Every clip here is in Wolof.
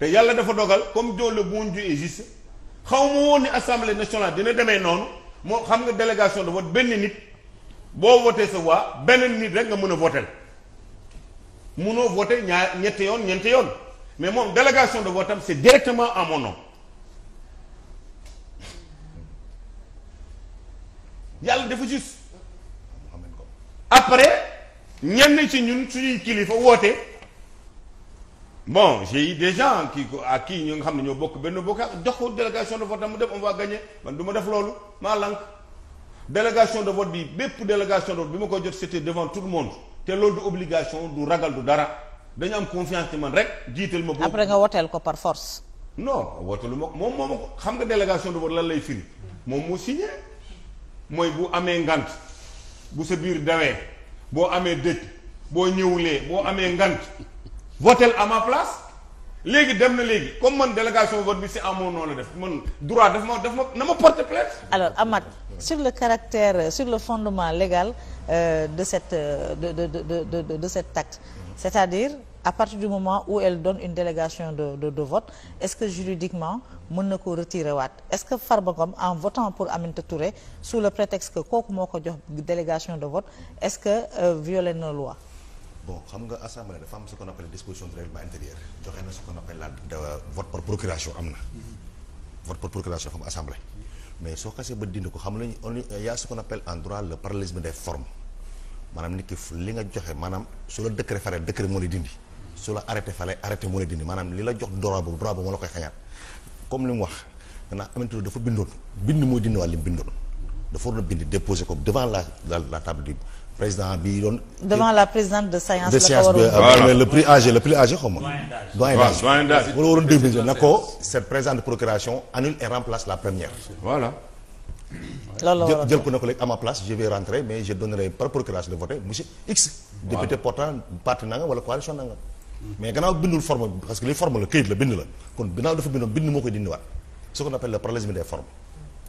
te yàlla dafa dogal comme Dieu le bon Dieu est xaw ma woon ni assemblée nationale dina demee noonu moo xam nga délégation de vote benn nit boo wootee sa waa benn nit rek nga mën a votel munoo voté ñaar ñetti yoon ñeenti yoon mais moom délégation de vote am c'est directement à mon nom yàlla dafa juste après ñenn ci ñun suñuy kilifa woote. bon j'ai eu des gens qui à kii ñu nga xam ne ñoo bokk benn bokk jox ko délégation de vote dama def on va gagner man du ma def loolu maa lànk délégation de vote bi bépp délégation de vote bi ma ko jot c'était devant tout le monde te loolu du obligation du ragal du dara dañu am confiance ci man rek jiital ma. boobu après nga woteel ko par force. non woteelu ma ko moom moo ma ko xam nga délégation de vote lan lay firi moom moo signé mooy bu amee ngant bu sa biir dawee boo amee dëj boo ñëwulee boo amee ngant. votel à ma place léegi dem na léegi comme man délégation vote bi si amoon noonu la def man droit daf ma daf na ma porter plainte alors Amath sur le caractère sur le fondement légal euh, de cette euh, de de de de de, de cette taxe c'est-à-dire à partir du moment où elle donne une délégation de de, de vote est-ce que juridiquement mën na ko retirer waat est-ce que Farba Ngom en votant pour Aminata Touré sous le prétexte que kooku moo ko jox délégation de vote est-ce que euh, viole na loi bon xam nga assemblée dafa am ce qu'on appelle disposition du règlement intérieur joxe na ce qu'on appelle la vote par procuration am na. vote par procuration dafa am assemblée. mais soo xasee ba dindi ko xam lañu on yaa ce qu'on appelle en droit le parallélisme des formes maanaam nit ki li nga joxe maanaam su la décret fale décret moo lay dindi. su la arrêté fale arrêté moo lay dindi maanaam li la jox droit boobu moo la koy xañaat comme li mu wax danaa amante dafa bindoon bind mooy dindi wàll li mu dafa waroon a bind déposé ko devant la la la table du président bi doon. devant la présidente de séance. de séance bi euh, le plus âgé le plus âgé xaw ma. doyen d'âge doyen d'âge wala waroon déglu na ko cette présente procuration annule et remplace la première. voilà. la jël ko ko léegi à ma place je vais rentrer mais je de voter monsieur X. député portant parti nanga wala coalition nanga mais gannaaw bindul forme parce que li forme la këyit la bind la kon gannaaw dafa bindoon bind moo koy dindiwaat ce qu'on appelle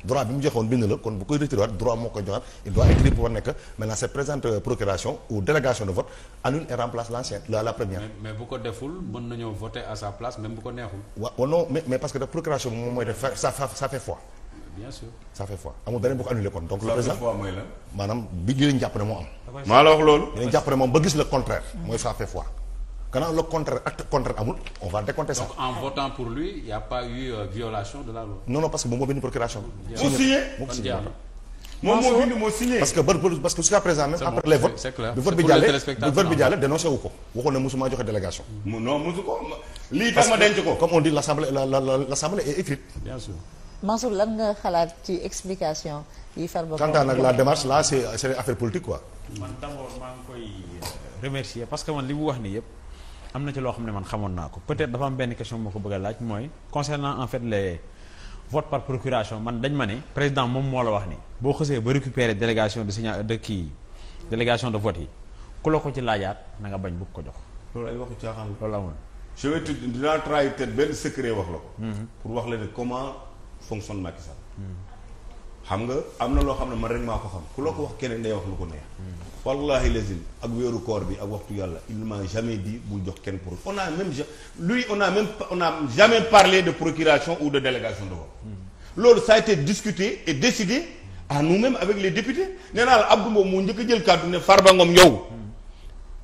droit bi mu joxoon bind la kon bu koy retiré waat droit moo koy joxaat il doit pour nekk maintenant cette présente euh, procuration ou délégation de vote annule et remplace l'ancienne la la première. mais bu ko deful mën nañoo voter à sa place même bu ko neexul. waaw non mais mais parce que procuration bi moom mooy def ça ça fait foi. bien sûr amul beneen bu ko annulé kon. donc le président maanaam bi ñu leen ne moo am. maa la wax loolu. ñu ba gis quand le contraire acte contraire amul on va décompter a pas eu euh, la loi. non non parce que moo bind procuration moo signé parce que parce que présent même les votes. bi vote bi jàllee bi wu ko waxoon ne musuma joxe délégation. musu ko lii tax ma denc ko. comme on dit l'assemblée la la lan nga xalaat ci explication yi Farba. quant à nag la démarche là c'est c'est affaire politique parce que man li mu wax nii yëpp. am na ci loo xam ne man xamoon naa ko peut-être dafa am benn question moo ko bëgg a laaj mooy concernant en fait les vote par procuration man dañ ma ne président moom moo la wax ni boo xësee ba récupérer délégation de signa de kii délégation de vote yi ku la ko ci laajaat na nga bañ bëgg ko jox. loolu ay wax caaxaan la loolu amul. je vais te dinaa trahir benn secret wax la ko. Mhm. pour wax la ne comment fonctionne Macky Sall. Mhm. xam nga am na loo xam ne man rek maa ko xam ku la ko wax keneen day wax lu ko neex wallahi lazim ak wéeru koor bi ak waxtu yàlla il m'a jamais dit bul jox kenn pour on a même a même on a jamais parlé de procuration ou de délégation de vote loolu ça a et décidé à nous-mêmes avec les députés nee la Abdou Mbow moo njëkk a jël kàddu ne Farba Ngom yow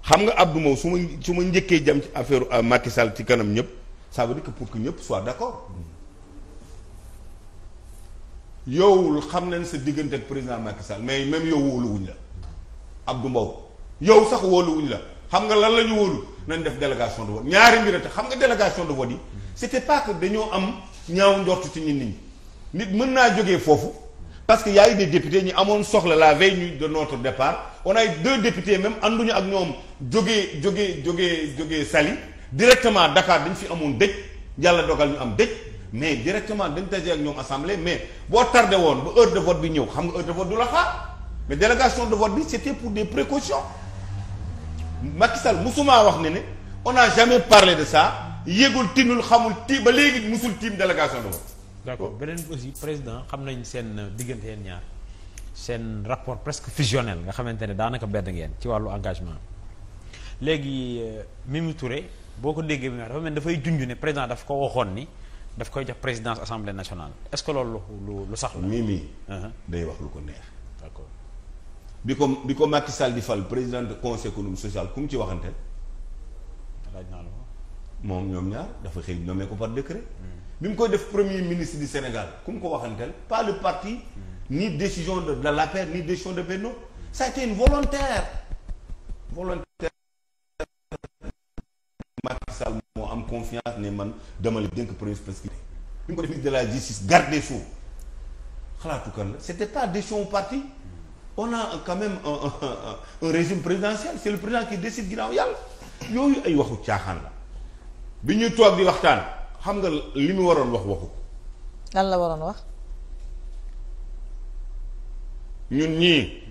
xam nga Abdou Mbow su ma su ma njëkkee jam ci affaire euh, Macky Sall ci kanam ñëpp ça veut dire que pour que ñëpp soit yow xam nañ sa diggante ak président Macky Sall mais même yow wóoluwuñ la Abdou Mbow yow sax woolu wuñ la xam nga lan la ñu wóolu nañ def délégation de vote ñaari mbir xam nga délégation de vote yi c'était pas que dañoo am ñaaw njortu ci nit ñi nit mën naa jógee foofu parce que y a eu des députés ñu amoon soxla la veille de notre départ on a eu deux députés même ànduñu ak ñoom jógee jógee jóge jóge Saly directement Dakar dañ fi amoon dëj yàlla dogal ñu am dëj mais directement dañ tajee ak ñoom assemblée mais boo tardé woon ba heure de vote bi ñëw xam nga heure de vote du la xaar mais délégation de vote bi c'était pour des précautions Macky Sall wax ne ne on n'a jamais parlé de ça yëgul tinul xamul ti ba léegi musul tiim délégation de vote d'accord beneen aussi président xam nañ seen diggante yeen ñaar seen rapport presque fusionnel nga xamante ne daanaka benn ngeen ci wàllu engagement léegi euh, Mimi Touré boo ko déggee bi dafa mel dafay junj ne président daf ko waxoon ni daf koy jox président assemblée nationale est-ce que loolu lu lu sax mii mii. Uh-huh. day wax lu ko neex. d'accord bi ko bi ko Macky Sall di fal président de conseil économique social ku mu ci waxante. laaj naa la ko. moom ñoom ñaar dafa xëy nommé ko par décret. Hmm. bi mu koy def premier ministre du Sénégal ku mu ko waxanteel par le parti. Hmm. ni décision de de l'APR e, ni décision de Benno ça a été une volontaire volontaire. confiance ne man dama la dénk premier prescripteur mu ko def ministre de la justice garde des sceaux xalaatu kan la c'était pas décision parti on a quand même un, un, un, régime présidentiel c'est le président qui décide ginnaaw yàlla yooyu ay waxu caaxaan la bi ñu toog di waxtaan xam nga li mu waroon wax waxu lan la waroon wax ñun ñii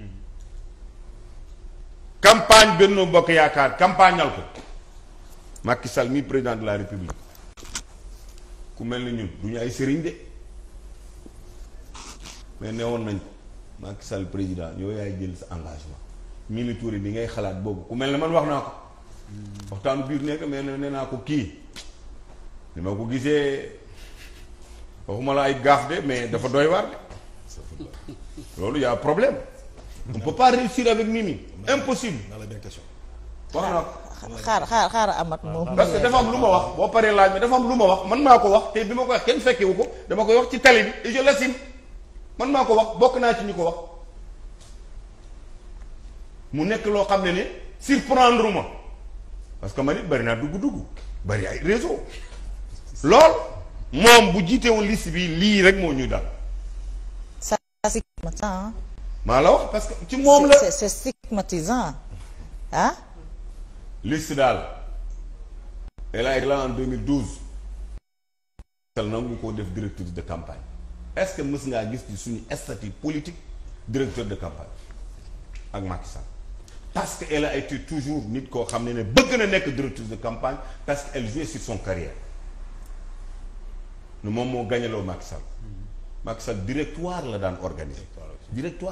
campagne Benno Bokk Yaakaar campagnal ko Macky Sall mi président de la république ku mel ni ñun du ñu ay sëriñ de mais woon nañ ko Macky Sall président yow yaay jël sa engagement Mimi Touré bi ngay xalaat boobu ku mel ne man wax naa ko waxtaanu biir nekk mais nee naa ko kii ni ma ko gisee waxuma la ay gaaf de mais dafa doy waar de loolu y'a problème on peut pas réussir avec Mimi impossible wax naa ko xaar xaar xaar amat moom parce dafa am lu ma wax boo paree laaj mi dafa am lu ma wax man maa ko wax te bi ma ko wax kenn fekkewu ko dama koy wax ci tali bi et je man maa ko wax bokk naa ci ñu ko wax mu nekk loo xam ne ne surprendre ma parce que man bari naa dugg-dugg bari ay réseau lool moom bu jiitewu woon bi lii rek moo ñuy dal. ça c'est maa la wax parce que ci moom la c'est stigmatisant ah. liste daal elle a été là en 2012 tel nangu koo def directeur de campagne est-ce que mës ngaa gis ci suñu statut politique directeur de campagne ak Macky Sall parce que elle a été toujours nit koo xam ne ne bëgg na nekk directeur de campagne parce que elle jouait sur son carrière nu moom moo gañaloo Macky Sall directoire la daan organiser